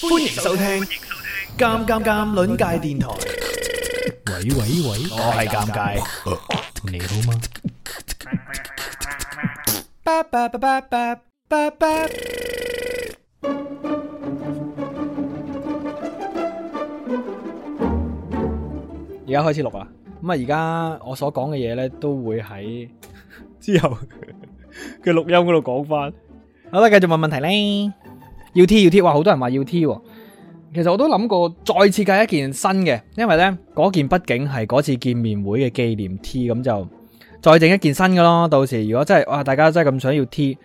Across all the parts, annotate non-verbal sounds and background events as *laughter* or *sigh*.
歡迎收聽《尷尷尷》輪界電台。喂喂喂，我係尷尬，你好嗎？Ba ba ba ba ba ba。而家開始錄啦，咁啊，而家我所講嘅嘢咧，都會喺之後嘅錄音嗰度講翻。好啦，繼續問問題咧。要 T 要 T，哇！好多人話要 T，其實我都諗過再設計一件新嘅，因為呢嗰件畢竟係嗰次見面會嘅紀念 T，咁就再整一件新嘅咯。到時如果真係哇，大家真係咁想要 T，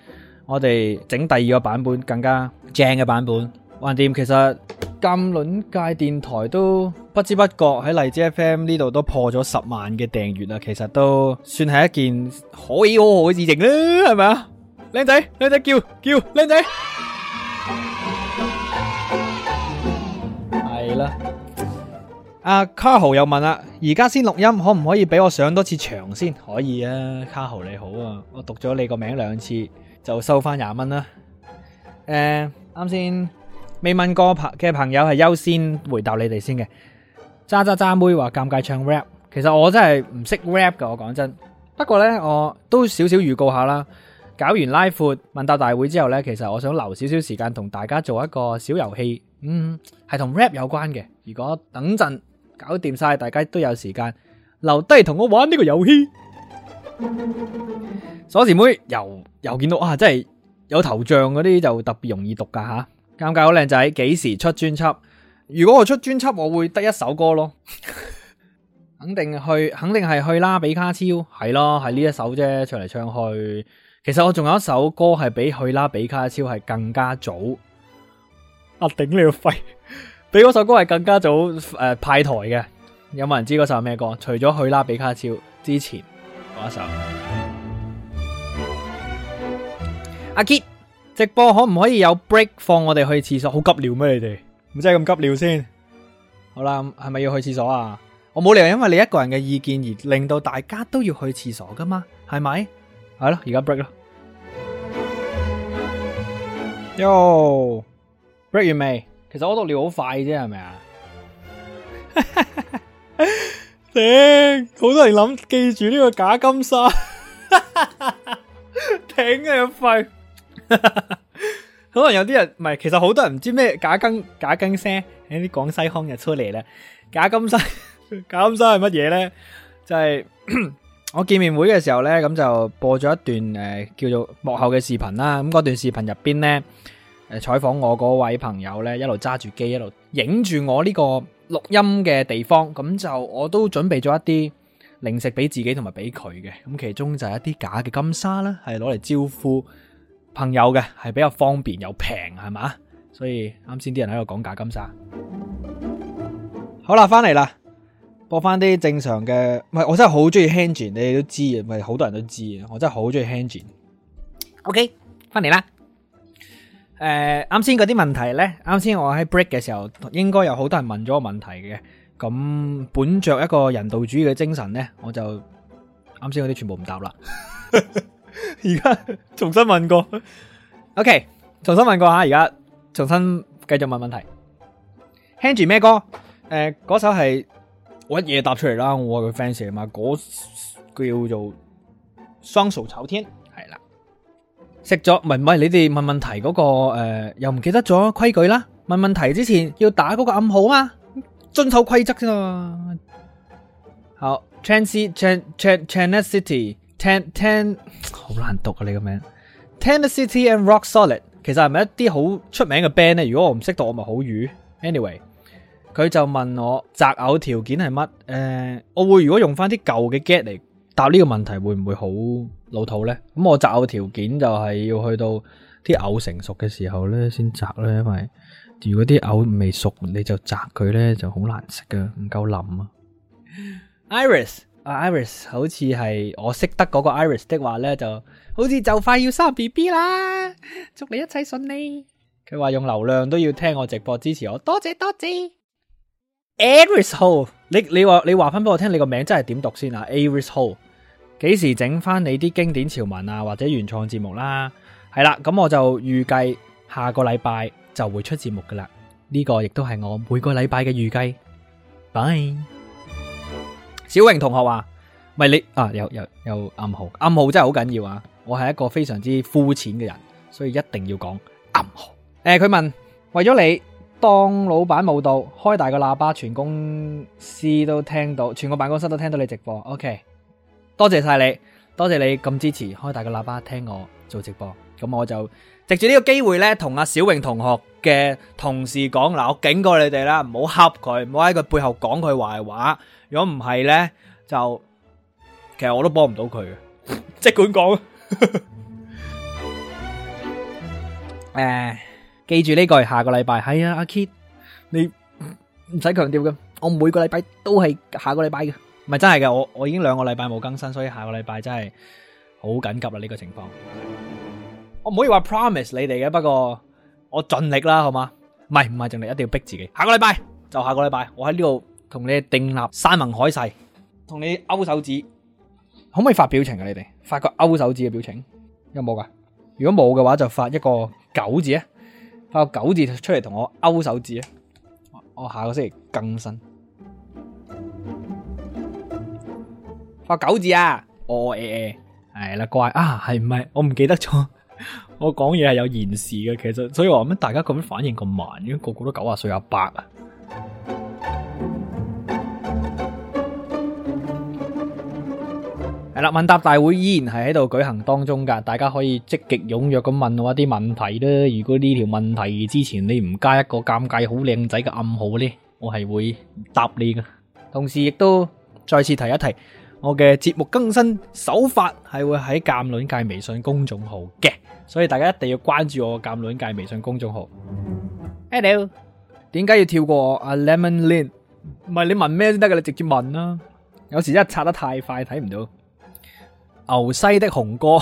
我哋整第二個版本更加正嘅版本，橫掂。其實監論界電台都不知不覺喺荔枝 FM 呢度都破咗十萬嘅訂閱啦，其實都算係一件可喜可賀嘅事情啦，係咪啊？靚仔，靚仔叫叫靚仔！叫叫阿卡豪又問啦，而家先錄音，可唔可以俾我上多次場先？可以啊，卡豪你好啊，我讀咗你個名字兩次，就收翻廿蚊啦。誒、嗯，啱先未問過朋嘅朋友係優先回答你哋先嘅。渣渣渣妹話尷尬唱 rap，其實我真係唔識 rap 噶，我講真的。不過呢，我都少少預告下啦。搞完 live food, 問答大會之後呢，其實我想留少少時間同大家做一個小遊戲。嗯，係同 rap 有關嘅。如果等陣搞掂晒，大家都有時間留低同我玩呢個遊戲。鎖匙妹又又見到，啊，真係有頭像嗰啲就特別容易讀噶吓。尷、啊、尬，好靚仔，幾時出專輯？如果我出專輯，我會得一首歌咯。 *laughs* 肯定去，肯定係去拉比卡超，係咯，係呢一首啫，唱嚟唱去。其實我仲有一首歌係比去拉比卡超係更加早。頂你個肺！俾 *laughs* 嗰首歌係更加早誒、呃、派台嘅，有冇人知嗰首咩歌？除咗《去拉比卡超》之前嗰首。阿杰直播可唔可以有 break 放我哋去廁所？好急尿咩？你哋唔知係咁急尿先。好啦，係咪要去廁所啊？我冇理由因為你一個人嘅意見而令到大家都要去廁所噶嘛？係咪？係咯，而家 break 咯。喲。break 完未？其實我讀料好快啫，係咪啊？頂！好多人諗記住呢個假金莎，頂啊廢！可能有啲人唔係，其實好多人唔知咩假金假金聲喺啲廣西腔入出嚟咧。假金莎，假金莎係乜嘢咧？就係我見面會嘅時候咧，咁就播咗一段誒叫做幕後嘅視頻啦。咁嗰段視頻入邊咧。誒，採訪我嗰位朋友呢，一路揸住機，一路影住我呢個錄音嘅地方，咁就我都準備咗一啲零食俾自己同埋俾佢嘅，咁其中就係一啲假嘅金沙啦，係攞嚟招呼朋友嘅，係比較方便又平，係嘛？所以啱先啲人喺度講假金沙。好啦，翻嚟啦，播翻啲正常嘅，唔係，我真係好中意 h a n g i n 你都知嘅，唔係好多人都知我真係好中意 Hanging。OK，翻嚟啦。誒、呃，啱先嗰啲問題咧，啱先我喺 break 嘅時候，應該有好多人問咗個問題嘅。咁本着一個人道主義嘅精神咧，我就啱先嗰啲全部唔答啦。而 *laughs* 家重新問過，OK，重新問過吓，而家重新繼續問問題。 *laughs* Henry 咩歌？誒、呃，嗰首係我一嘢答出嚟啦，我係佢 fans 啊嘛，嗰叫做雙手炒天。食咗咪咪？你哋問問題嗰、嗰個、呃、又唔記得咗規矩啦？問問題之前要打嗰個暗號啊，遵守規則啫嘛！好 t r a n s i t c h Ch a n s c h Ch a n a City，Ten Ten，好難讀啊！你個名 Tenacity and Rock Solid，其實係咪一啲好出名嘅 band 咧？如果我唔識讀，我咪好瘀。Anyway，佢就問我擇偶條件係乜？誒、呃，我會如果用翻啲舊嘅 get 嚟。答呢個問題會唔會好老土呢？咁我擇偶條件就係要去到啲藕成熟嘅時候呢先摘咧，因為如果啲藕未熟，你就摘佢呢就好難食噶，唔夠腍啊！Iris，阿 Iris 好似係我識得嗰個 Iris 的話呢，就好似就快要生 B B 啦，祝你一切順利。佢話用流量都要聽我直播支持我，多謝多謝。Iris Ho，你你話你話翻俾我聽，你個名真係點讀先啊？Iris Ho。幾時整翻你啲經典潮文啊？或者原創節目啦，啊？係啦，咁我就預計下個禮拜就會出節目噶啦。呢、這個亦都係我每個禮拜嘅預計。拜。小榮同學話：唔係你啊，有有有暗號，暗號真係好緊要啊！我係一個非常之膚淺嘅人，所以一定要講暗號。誒、欸，佢問：為咗你當老闆冇到，開大個喇叭，全公司都聽到，全個辦公室都聽到你直播。OK。多謝晒你，多謝你咁支持，開大個喇叭聽我做直播。咁我就藉住呢個機會咧，同阿小榮同學嘅同事講嗱，我警告你哋啦，唔好恰佢，唔好喺佢背後講佢壞話。如果唔係咧，就其實我都幫唔到佢嘅，即管講。誒，記住呢個，下個禮拜係啊，阿 Kit，你唔使強調嘅，我每個禮拜都係下個禮拜嘅。唔係真係嘅，我我已經兩個禮拜冇更新，所以下個禮拜真係好緊急啦呢個情況。我唔可以話 promise 你哋嘅，不過我盡力啦，好嘛？唔係唔係，盡力一定要逼自己。下個禮拜就下個禮拜，我喺呢度同你訂立山盟海誓，同你勾手指。可唔可以發表情㗎？你哋發個勾手指嘅表情有冇噶？如果冇嘅話，就發一個九字啊，發個九字出嚟同我勾手指啊！我下個星期更新。八九字啊，哦誒，係、欸、啦、欸，乖啊，係唔係？我唔記得咗，我講嘢係有延時嘅，其實所以話乜？大家咁樣反應咁慢，因為個個都九啊歲啊八啊。係啦， *music* 問答大會依然係喺度舉行當中噶，大家可以積極踴躍咁問我啲問題啦。如果呢條問題之前你唔加一個尷尬好靚仔嘅暗號咧，我係會答你噶。同時亦都再次提一提。我嘅節目更新手法係會喺鑒卵界微信公眾號嘅，所以大家一定要關注我鑒卵界微信公眾號。Hello，你點解要跳過阿 Lemon Lin？唔係你問咩先得㗎，你直接問啦。有時真係刷得太快，睇唔到。牛西的紅哥，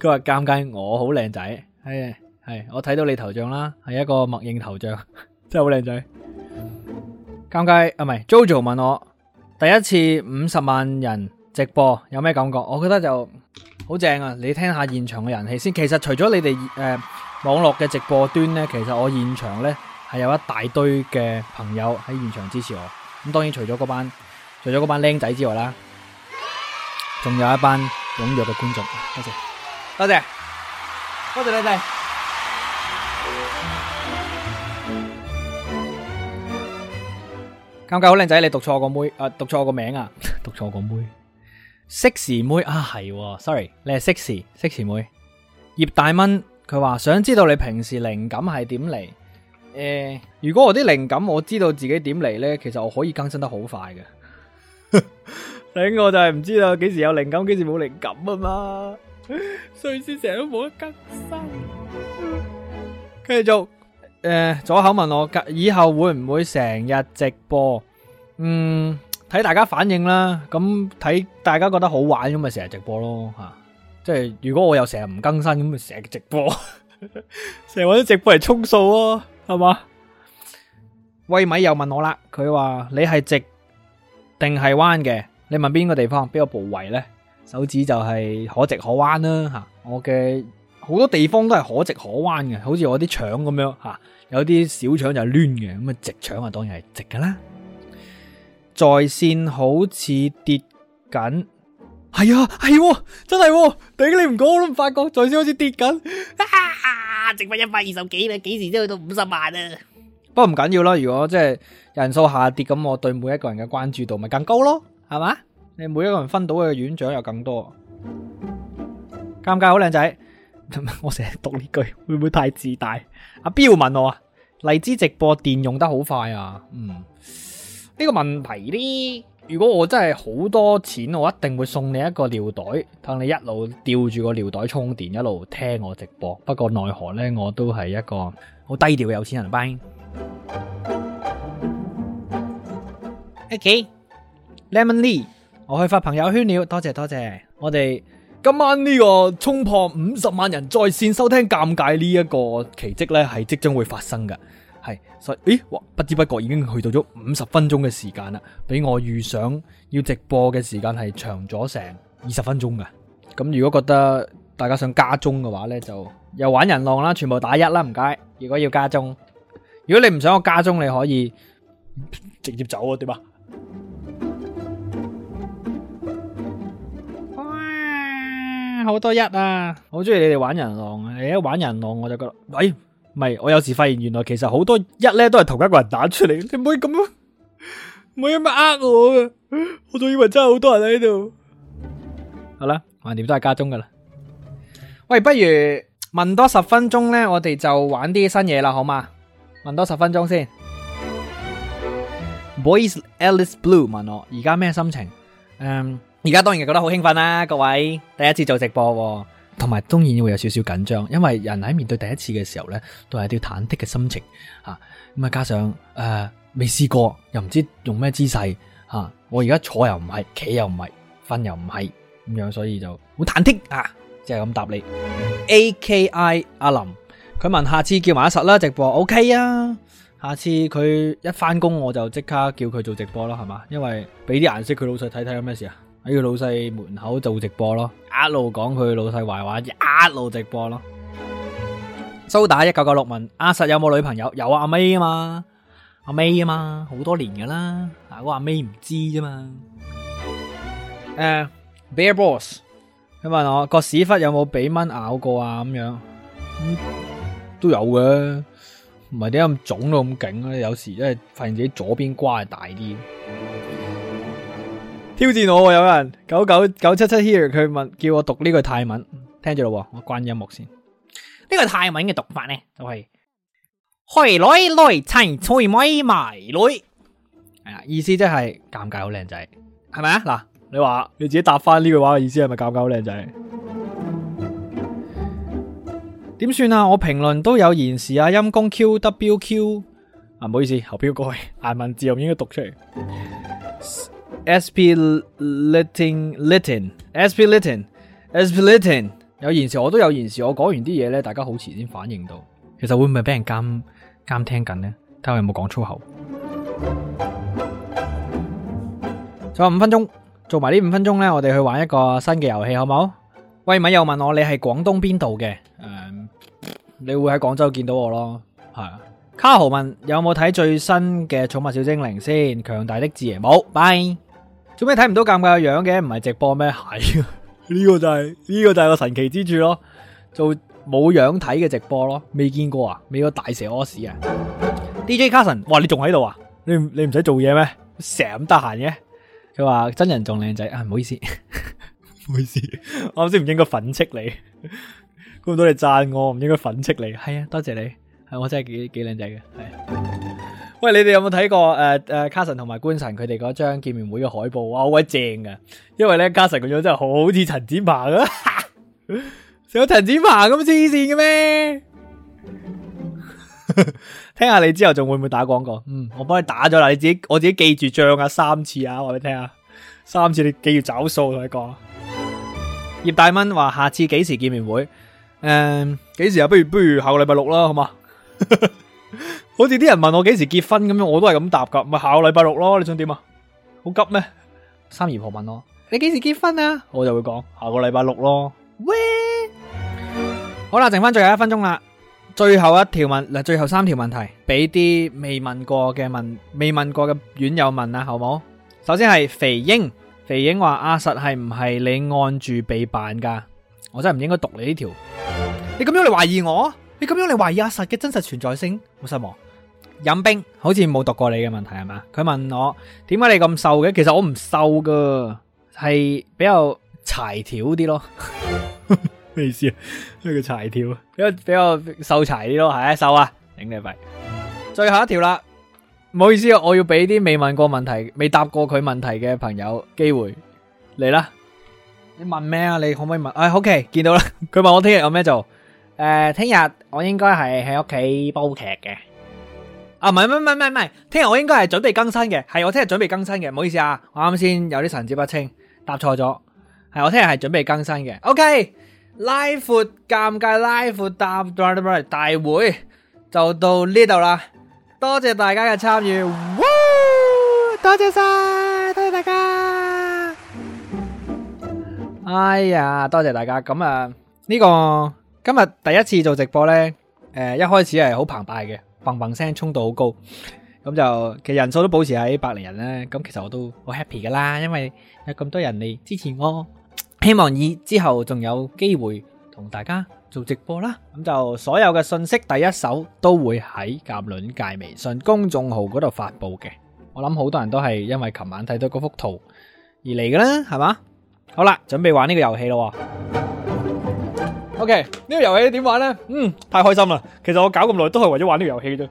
佢話尷尬，我好靚仔。係係，我睇到你頭像啦，係一個默認頭像，真係好靚仔。尷尬啊，唔係 Jojo 問我。第一次五十萬人直播有咩感覺？我覺得就好正啊！你聽下現場嘅人氣先。其實除咗你哋誒、呃、網絡嘅直播端呢，其實我現場呢係有一大堆嘅朋友喺現場支持我。咁當然除咗嗰班除咗嗰班靚仔之外啦，仲有一班踴躍嘅觀眾。多謝，多謝，多謝你哋。尷尬，好靚仔，你讀錯我個妹，啊讀錯我個名啊， *laughs* 讀錯我個妹，妹，色時妹啊係、啊、，sorry，你係色時色時妹葉大蚊，佢話想知道你平時靈感係點嚟？誒、呃，如果我啲靈感，我知道自己點嚟呢，其實我可以更新得好快嘅。頂， *laughs* *laughs* 我就係唔知道幾時有靈感，幾時冇靈感啊嘛，所以先成日都冇得更新。 *laughs* 繼續。誒、呃，左口問我，以後會唔會成日直播？嗯，睇大家反應啦。咁睇大家覺得好玩咁，咪成日直播咯吓。即係如果我又成日唔更新，咁咪成日直播，成 *laughs* 日搵直播嚟充數咯、啊，係嘛？喂咪又問我啦，佢話你係直定係彎嘅？你問邊個地方，邊個部位呢？手指就係可直可彎啦、啊、吓，我嘅。好多地方都係可直可彎嘅，好似我啲腸咁樣吓、啊，有啲小腸就係攣嘅，咁啊直腸啊當然係直噶啦。在線好似跌緊，係啊係，真係、哦，頂，你唔講我都唔發覺在線好似跌緊，哈哈，直翻一百二十幾，幾時先去到五十萬啊？不過唔緊要啦，如果即係人數下跌咁，我對每一個人嘅關注度咪更高咯，係嘛？你每一個人分到嘅院長又更多，尷尬，好靚仔。 *laughs* 我成日讀呢句，會唔會太自大？阿彪問我啊，荔枝直播電用得好快啊。嗯，呢個問題呢？如果我真係好多錢，我一定會送你一個尿袋，等你一路吊住個尿袋充電，一路聽我直播。不過奈何呢，我都係一個好低調嘅有錢人。Bye。OK，Lemon Lee，我去發朋友圈了，多謝多謝，我哋，今晚呢個衝破五十萬人在線收聽尷尬呢一個奇蹟呢，係即將會發生嘅。係，所以咦，哇，不知不覺已經去到咗五十分鐘嘅時間啦，比我預想要直播嘅時間係長咗成二十分鐘嘅。咁如果覺得大家想加鐘嘅話呢，就又玩人浪啦，全部打一啦，唔該。如果要加鐘，如果你唔想我加鐘，你可以直接走啊，對吧？好多一啊！我好中意你哋玩人浪，你一玩人浪我就覺得，喂，唔係我有時發現原來其實好多一咧都係同一個人打出嚟，你唔可以咁啊，唔可以咁樣呃我啊！我仲以為真係好多人喺度。好啦，橫掂都係加鐘噶啦。喂，不如問多十分鐘咧，我哋就玩啲新嘢啦，好嘛？問多十分鐘先。Boys Alice Blue 問我而家咩心情？嗯。而家當然係覺得好興奮啦、啊，各位第一次做直播、啊，同埋當然會有少少緊張，因為人喺面對第一次嘅時候呢，都係啲忐忑嘅心情啊。咁啊，加上誒未試過，又唔知用咩姿勢啊。我而家坐又唔係，企又唔係，瞓又唔係，咁樣所以就好忐忑啊。即係咁答你，A K I 阿林，佢問下次叫埋阿實啦直播，OK 啊？下次佢一翻工我就即刻叫佢做直播啦，係嘛？因為俾啲顏色佢老細睇睇有咩事啊？喺佢老細門口做直播咯，一路講佢老細壞話，一路直播咯。蘇 *music* 打一九九六問阿、啊、實有冇女朋友？有阿 May 啊嘛，阿 May 啊嘛，好多年噶啦，我阿 May 唔知啫嘛。誒、uh, Bear Boss，佢問我個屎忽有冇俾蚊咬過啊？咁、嗯、樣都有嘅，唔係點解咁腫到咁勁咧？有時真係發現自己左邊瓜係大啲。挑戰我，有人九九九七七 here 佢問叫我讀呢句泰文，聽住咯，我關音樂先。呢個泰文嘅讀法呢就係開女女親菜米埋女，係啊，意思即係尷尬好靚仔，係咪啊？嗱，你話你自己答翻呢句話嘅意思係咪尷尬好靚仔？點算啊？我評論都有延時啊，陰公 Q W Q，啊，唔好意思，後邊過去，顏文字又應該讀出嚟。S.P.Litton，Litton，S.P.Litton，S.P.Litton 有延時，我都有延時。我講完啲嘢咧，大家好遲先反應到，其實會唔會俾人監監聽緊呢？睇下有冇講粗口。仲有五分鐘，做埋呢五分鐘咧，我哋去玩一個新嘅遊戲，好唔好？喂，咪又問我你係廣東邊度嘅？誒，你會喺廣州見到我咯。係啊。卡豪問有冇睇最新嘅《寵物小精靈》先？強大的字爺冇，拜。做咩睇唔到尷尬嘅樣嘅？唔係直播咩？係 *laughs* 呢個就係，呢個就係個神奇之處咯。做冇樣睇嘅直播咯，未見過啊？未個大蛇屙屎啊？DJ 卡神，哇，你仲喺度啊？你你唔使做嘢咩？成日咁得閒嘅？佢話真人仲靚仔啊，唔好意思， *laughs* 唔好意思，我先唔應該粉斥你。估唔到你讚我，唔應該粉斥你。係啊，多謝你。係我真係幾幾靚仔嘅，係。喂，你哋有冇睇過誒誒、呃啊，卡神同埋官神佢哋嗰張見面會嘅海報？哇，好鬼正㗎，因為咧，卡神個樣真係好似陳展鵬啊！成咗陳展鵬咁黐線嘅咩？ *laughs* 聽下你之後仲會唔會打廣告？嗯，我幫你打咗啦，你自己我自己記住賬啊，三次啊，我俾你聽啊，三次你記住找數同你講。葉大蚊話：下次幾時見面會？誒、嗯，幾時啊？不如不如下個禮拜六啦，好嘛？ *laughs* 好似啲人問我幾時結婚咁樣，我都係咁答噶，咪下個禮拜六咯。你想點啊？好急咩？三姨婆問我：你幾時結婚啊？我就會講下個禮拜六咯。喂，好啦，剩翻最後一分鐘啦，最後一條問，嗱，最後三條問題，俾啲未問過嘅問，未問過嘅院友問啦，好冇？首先係肥英，肥英話阿、啊、實係唔係你按住被辦噶？我真係唔應該讀你呢條，你咁樣嚟懷疑我？你咁樣，你懷疑阿實嘅真實存在性，好失望，飲冰好似冇讀過你嘅問題係嘛？佢問我點解你咁瘦嘅？其實我唔瘦噶係比較柴條啲咯。咩意思啊？咩叫柴條啊？比較比較瘦柴啲咯，係啊瘦啊，頂你肺！最後一條啦，唔好意思啊，我要俾啲未問過問題、未答過佢問題嘅朋友機會嚟啦。你問咩啊？你可唔可以問？哎，OK，見到啦。佢問我聽日有咩做。誒，聽日我應該係喺屋企煲劇嘅。啊，唔係唔係唔係唔係，聽日我應該係準備更新嘅。係我聽日準備更新嘅，唔好意思啊，我啱先有啲神志不清，答錯咗。係我聽日係準備更新嘅。OK，拉闊尷尬拉闊搭檔嘅大會就到呢度啦。多謝大家嘅參與，多謝晒，多謝大家。哎呀，多謝大家。咁啊，呢個。今日第一次做直播呢，誒、呃，一開始係好澎湃嘅，砰砰聲衝到好高，咁就其實人數都保持喺百零人咧，咁其實我都好 happy 噶啦，因為有咁多人嚟支持我，希望以之後仲有機會同大家做直播啦，咁就所有嘅信息第一手都會喺夾卵界微信公眾號嗰度發布嘅，我諗好多人都係因為琴晚睇到嗰幅圖而嚟嘅啦，係嘛？好啦，準備玩呢個遊戲咯。OK，呢個遊戲點玩呢？嗯，太開心啦！其實我搞咁耐都係為咗玩呢個遊戲啫。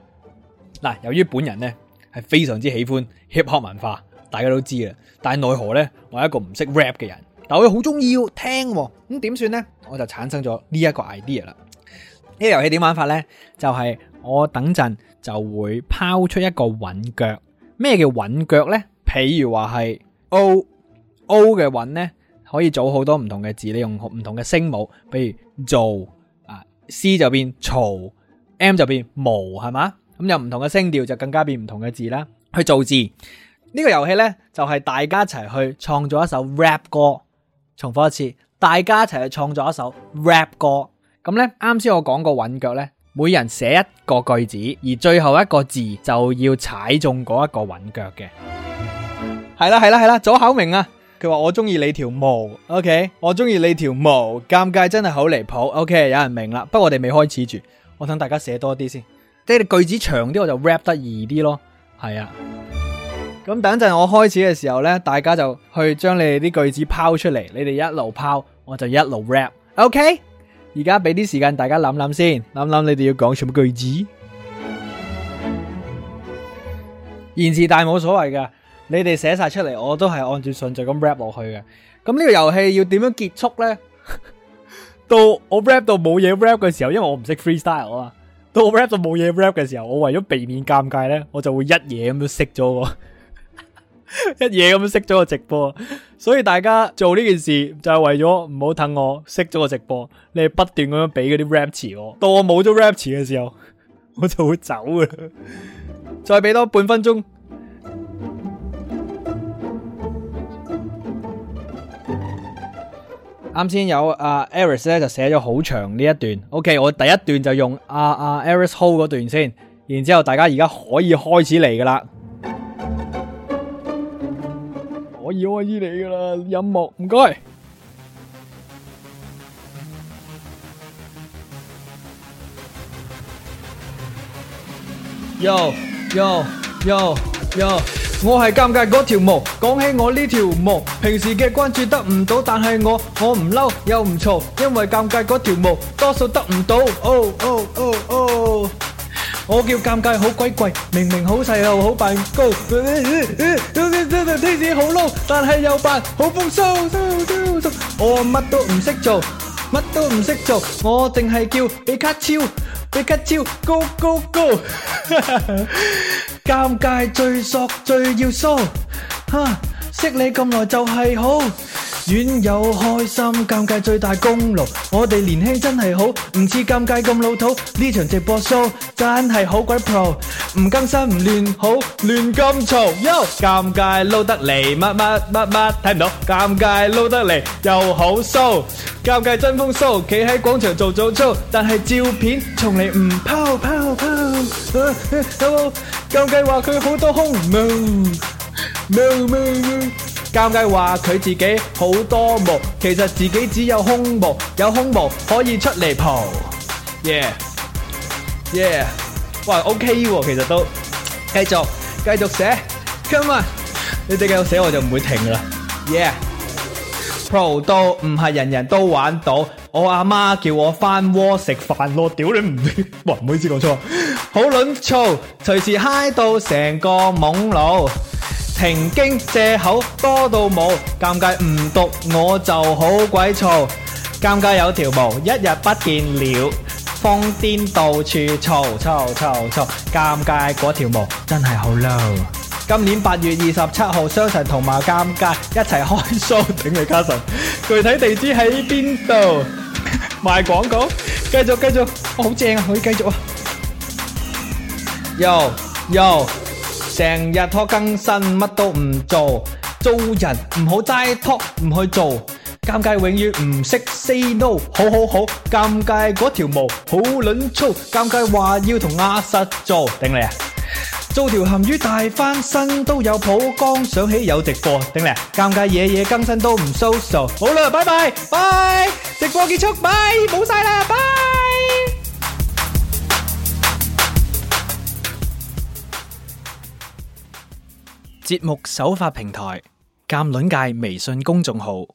嗱，由於本人呢係非常之喜歡 Hip Hop 文化，大家都知啦。但係奈何呢，我係一個唔識 rap 嘅人，但我又好中意聽，咁點算呢？我就產生咗呢一個 idea 啦。呢、這個遊戲點玩法呢？就係、是、我等陣就會拋出一個韻腳。咩叫韻腳呢？譬如話係 O O 嘅韻呢。可以組好多唔同嘅字，你用唔同嘅聲母，比如做啊，C 就變嘈，M 就變毛，係嘛？咁有唔同嘅聲調就更加變唔同嘅字啦。去造字呢，這個遊戲呢，就係、是、大家一齊去創作一首 rap 歌。重複一次，大家一齊去創作一首 rap 歌。咁呢，啱先我講過韻腳呢，每人寫一個句子，而最後一個字就要踩中嗰一個韻腳嘅。係啦係啦係啦，早口明啊！佢話我中意你條毛，OK，我中意你條毛，尷尬真係好離譜，OK，有人明啦，不過我哋未開始住，我等大家寫多啲先，即係你句子長啲，我就 rap 得易啲咯，係啊，咁等一陣我開始嘅時候呢，大家就去將你哋啲句子拋出嚟，你哋一路拋，我就一路 rap，OK，而家俾啲時間大家諗諗先，諗諗你哋要講什麼句子，言辭大冇所謂㗎。你哋寫晒出嚟，我都係按住順序咁 rap 落去嘅。咁呢個遊戲要點樣結束呢？ *laughs* 到我 rap 到冇嘢 rap 嘅時候，因為我唔識 freestyle 啊，到我 rap 到冇嘢 rap 嘅時候，我為咗避免尷尬呢，我就會一嘢咁樣熄咗個 *laughs* 一嘢咁樣熄咗個直播。所以大家做呢件事就係為咗唔好等我熄咗個直播。你係不斷咁樣俾嗰啲 rap 詞我，到我冇咗 rap 詞嘅時候，我就會走啊。 *laughs* 再俾多半分鐘。啱先有阿 Aris 咧就寫咗好長呢一段，OK，我第一段就用阿阿 Aris hold 嗰段先，然之後大家而家可以開始嚟噶啦，可以開始嚟噶啦，音樂唔該，Yo Yo Yo Yo。我係尷尬嗰條毛。講起我呢條毛，平時嘅關注得唔到，但係我我唔嬲又唔嘈，因為尷尬嗰條毛，多數得唔到，哦哦哦哦。我叫尷尬好鬼貴，明明好細路好扮高，天使好撈，但係又扮好風騷騷騷騷。我乜都唔識做，乜都唔識做，我淨係叫比卡超，比卡超，高高高。 *laughs* 尷尬最索最要騷。哈、啊，識你咁耐就係好。網友開心，尷尬最大功勞。我哋年輕真係好，唔似尷尬咁老土。呢場直播 show 真係好鬼 pro，唔更新唔亂，好亂咁嘈。喲，尷尬撈得嚟，乜乜乜乜睇唔到。尷尬撈得嚟又好 show，尷尬真風 show，企喺廣場做早操，但係照片從嚟唔拋拋拋。啊啊啊、尷尬話佢好多胸，no no no 尷尬話佢自己好多毛，其實自己只有胸毛，有胸毛可以出嚟蒲，yeah yeah，哇 ok 喎，其實都繼續繼續寫，come on，你哋繼續寫我就唔會停啦，yeah，pro 都唔係人人都玩到，我阿媽叫我返歸食飯咯，屌你唔，哇唔好意思講錯，好撚躁，隨時 high 到成個懵佬。曾經借口多到冇，尷尬唔讀我就好鬼燥，尷尬有條毛，一日不見了，瘋癲到處嘈嘈嘈嘈，尷尬嗰條毛真係好嬲。今年八月二十七號，雙神同埋尷尬一齊開 show，頂你家神， *laughs* 具體地址喺邊度？ *laughs* 賣廣告，繼續繼續，好正啊，可以繼續啊，又又。成日拖更新，乜都唔做，做人唔好齋拖唔去做，尷尬永遠唔識 say no，好好好，尷尬嗰條毛好卵粗，尷尬話要同阿實做，頂你啊！做條鹹魚大翻身都有普光，想起有直播，頂你啊！尷尬夜夜更新都唔 social，好啦，拜拜，拜，直播結束，拜，冇晒啦，拜。節目首發平台：鑑卵界微信公眾號。